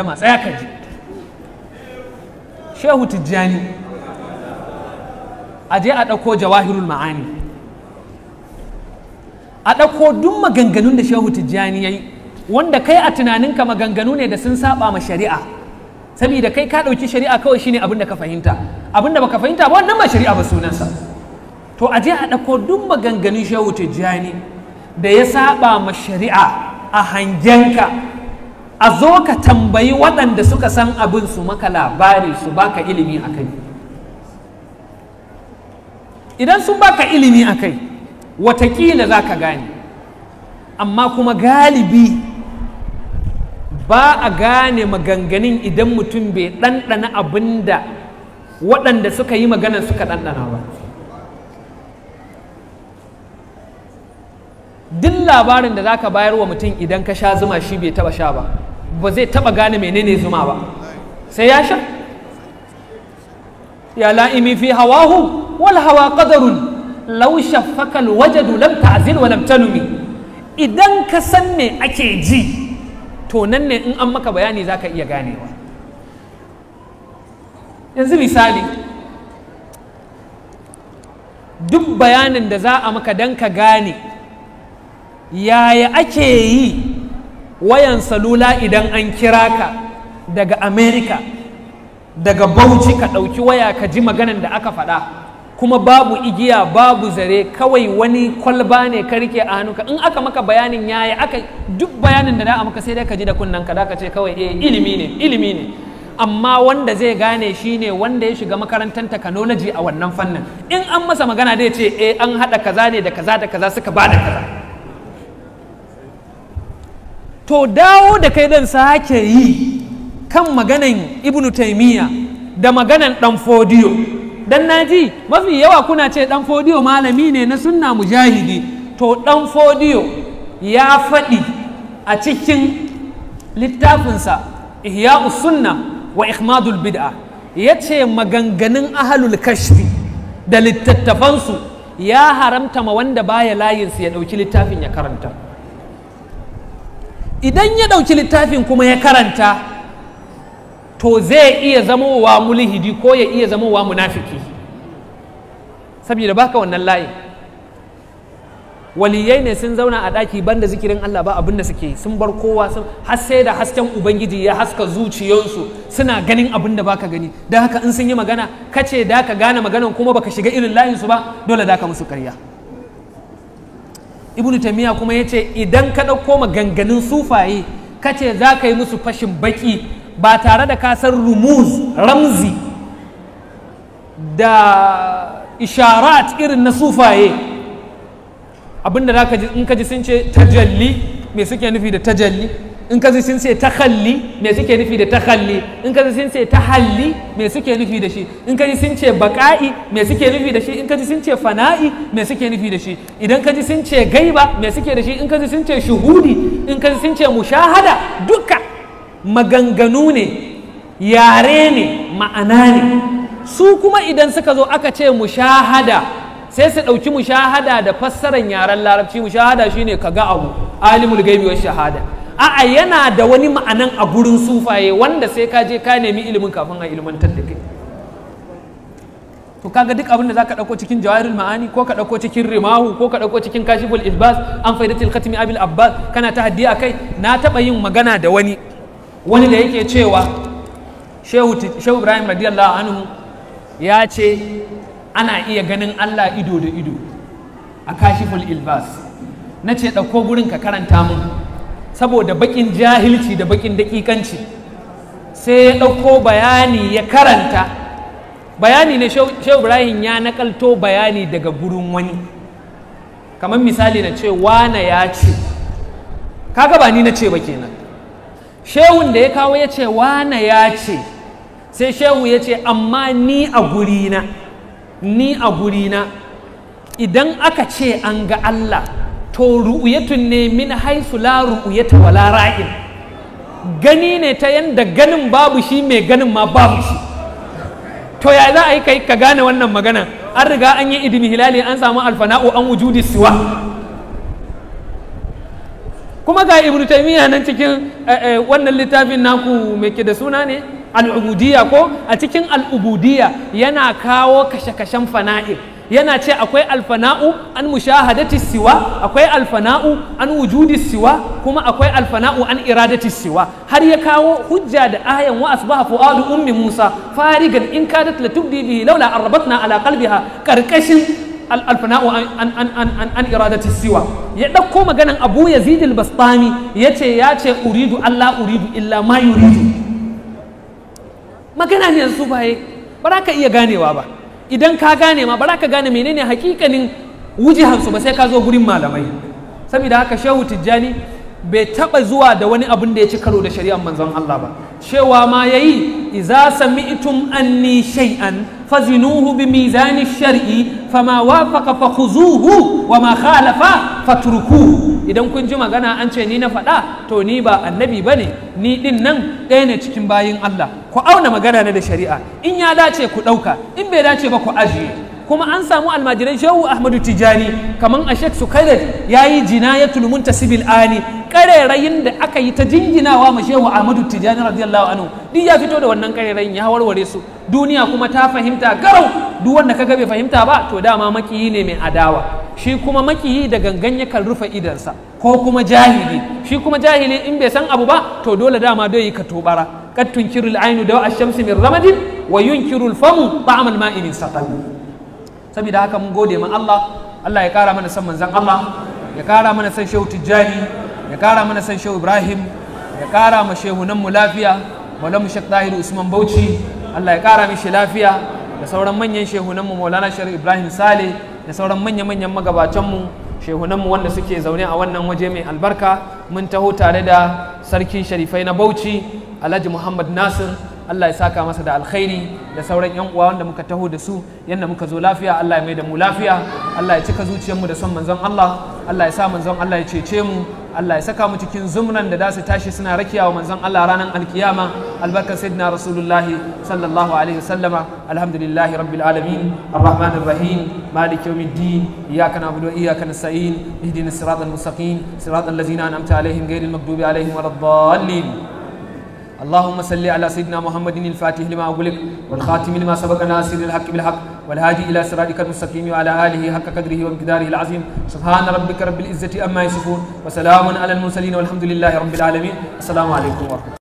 kama tsaya ka ji shehu tijjani a je a ɗauko jawahirul ma'ani a ɗauko duk maganganun da shehu tijjani ya yi wanda kai a tunaninka maganganu ne da sun saba ma shari'a saboda kai ka ɗauki shari'a kawai shine abin da ka fahimta abin da baka fahimta ba wannan ba shari'a ba sunansa to a je a ɗauko duk maganganun shehu tijjani da ya saba ma shari'a a hangenka a zo ka tambayi waɗanda suka san abin su maka labari su baka ilimi a kai idan sun baka ilimi a kai watakila za ka gane amma kuma galibi ba a gane maganganun idan mutum bai ɗanɗana abin da waɗanda suka yi maganar suka ɗanɗana ba duk labarin da za ka bayar wa mutum idan ka sha zuma shi bai taɓa sha ba ba zai taɓa gane menene zuma ba sai ya sha ya la'imi fi hawahu wal hawa qadarun law shaffakal wajadu lam ta'zil wa lam tanumi idan ka san me ake ji to nan ne in an maka bayani zaka iya ganewa yanzu misali duk bayanin da za a maka dan ka gane yaya ake yi wayan salula idan an kira ka daga america daga bauchi ka ɗauki waya ka ji maganan da aka faɗa kuma babu igiya babu zare kawai wani kwalba ne ka rike a hannunka in aka maka bayanin yaya aka duk bayanin da da'a maka sai dai ka ji da kunnen ka da ka ce kawai eh ilimi ne ilimi ne amma wanda zai gane shine wanda ya shiga makarantar technology a wannan fannin in an masa magana dai ce eh an haɗa kaza ne da kaza da kaza suka ba da kaza to dawo da kai dan sake yi kan maganan ibnu taimiyya da maganan dan fodiyo dan naji mafi yawa kuna ce dan fodiyo malami ne na sunna mujahidi to dan fodiyo ya faɗi a cikin littafinsa ihya sunna wa ihmadul bid'a ya ce maganganun ahalul kashfi da littattafansu ya haramta ma wanda baya layinsu ya ɗauki littafin ya karanta idan ya ɗauki littafin kuma ya karanta to zai iya zamowa mulhidi ko ya iya zamowa munafiki saboda baka wannan layi waliyai ne sun zauna a ɗaki banda zikirin Allah ba abinda da suke sun bar kowa sun har da hasken ubangiji ya haska zuciyarsu suna ganin abinda baka gani don haka in sun yi magana kace da ka gane maganan kuma baka shiga irin layinsu ba dole da ka musu karya ibnu tamiya kuma ya ce idan ka ɗauko maganganun sufaye ka ce za ka yi musu fashin baki ba tare da kasar rumuz ramzi da isharat irin na sufaye abinda za ka ji in ka ji sun ce tajalli me suke nufi da tajalli in ka sun ce halli me suke nufi da halli in ka sun ce halli me suke nufi da shi in ka sun ce baka'i me suke nufi da shi in ka sun ce fana'i me suke nufi da shi idan ka sun ce gaiba me suke da shi in ka sun ce shuhudi in ka sun ce mushahada duka maganganu ne yare ne ma'ana ne su kuma idan suka zo aka ce mushahada sai su ɗauki mushahada da fassarar yaren larabci mushahada shine ka ga abu alimul gaibi wa shahada a'a yana da wani ma'anan a gurin sufaye wanda sai ka je ka nemi ilimin kafin a ilimantar da kai to kaga duk abin da zaka dauko cikin jawahirul ma'ani ko ka dauko cikin rimahu ko ka dauko cikin kashiful ilbas an faidatil khatmi abil abbas kana ta haddi kai na taba yin magana da wani wani da yake cewa shehu shehu ibrahim radiyallahu anhu ya ce ana iya ganin Allah ido da ido a kashiful ilbas na ce dauko gurin ka karanta mun saboda bakin jahilci da bakin dakikanci sai ya ɗauko bayani ya karanta bayani ne shehu ibrahim ya nakalto bayani daga gurin wani kamar misali na ce wana ya ce kaga ba ni na ce ba kenan shehun da ya kawo ya ce wana ya ce sai shehu ya ce amma ni a gurina ni a gurina idan aka ce an ga allah to ru'uyatun ne min haisu la ru'uyata wala ra'in gani ne ta yanda ganin babu shi mai ganin ma babu shi to ya za a yi kai ka gane wannan magana an riga an yi idin hilali an samu alfana'u an wujudi siwa kuma ga ibnu taymiya nan cikin eh, eh, wannan littafin naku mai ke da suna ne al'ubudiyya ko a cikin al'ubudiyya yana kawo kashe-kashen fana'il yana ce akwai alfana'u an mushahadati siwa akwai alfana'u an wujudi siwa kuma akwai alfana'u an iradati siwa har ya kawo hujja da ayan wa asbaha fuadu ummi musa farigan in kadat la tubdi bihi laula arbatna ala qalbiha karkashin alfana'u an an an an iradati siwa ya dauko maganan abu yazid al-bastami yace ya ce uridu allah uridu illa ma yuridu magana ne yanzu ba ka iya ganewa ba idan ka gane ma ba za ka gane menene hakikanin wujihansu ba sai ka zo gurin malamai saboda haka shehu tijjani bai taba zuwa da wani abin da ya ci karo da shari'ar manzon Allah ba cewa ma yayi idza sami'tum anni shay'an fazinuhu bi mizani shar'i fama wafaqa fakhuzuhu wa ma khalafa Faturku idan kun ji magana an ce ni na faɗa to ni ba annabi ba ne ni ɗin nan ɗaya ne cikin bayin Allah ku auna magana na da shari'a in ya dace ku ɗauka in bai dace ba ku ajiye kuma an samu almajirai shehu ahmadu tijani kaman a shek kare ya yi jinayatul muntasibil ani karerayin da aka yi ta jinginawa ma shehu ahmadu tijani radiyallahu anhu duk ya fito da wannan karerayin ya warware su duniya kuma ta fahimta garau duk wanda kaga bai fahimta ba to dama makiyi ne mai adawa shi kuma makiyi da gangan yakan rufe idansa ko kuma jahili shi kuma jahili in bai san abu ba to dole dama dai yi ka tobara kad tunkirul ainu a shamsi ashamsi min ramadin wa yunkirul famu ta'amal ma'in saboda haka mun gode mun Allah Allah ya kara mana san manzan Allah ya kara mana san shehu tijjani ya kara mana san shehu ibrahim ya kara ma nan mu lafiya maulamu shek tahiru usman bauchi Allah ya kara mishi lafiya da sauran manyan nan mu maulana shehu ibrahim sale da sauran manya manyan magabatan mu nan mu wanda suke zaune a wannan waje mai albarka mun taho tare da sarkin sharifai na bauchi alhaji muhammad nasir Allah ya saka masa da alkhairi da sauran yan uwa wanda muka taho da su yanda muka zo lafiya Allah ya mai da mu lafiya Allah ya cika zuciyarmu da son manzon Allah Allah ya sa manzon Allah ya cece mu Allah ya saka mu cikin zumran da su tashi suna rakiya wa manzon Allah ranar alkiyama albarkar sayyidina rasulullah sallallahu alaihi wasallama alhamdulillahi rabbil alamin arrahmanir rahim maliki yawmiddin iyyaka na'budu wa iyyaka nasta'in ihdinas siratal mustaqim siratal ladzina an'amta alaihim ghayril maghdubi alaihim waladdallin اللهم صل على سيدنا محمد الفاتح لما أغلق والخاتم لما سبق ناصر الحق بالحق والهادي إلى صراطك المستقيم وعلى آله حق قدره ومقداره العظيم سبحان ربك رب العزة أما يصفون وسلام على المرسلين والحمد لله رب العالمين السلام عليكم ورحمة الله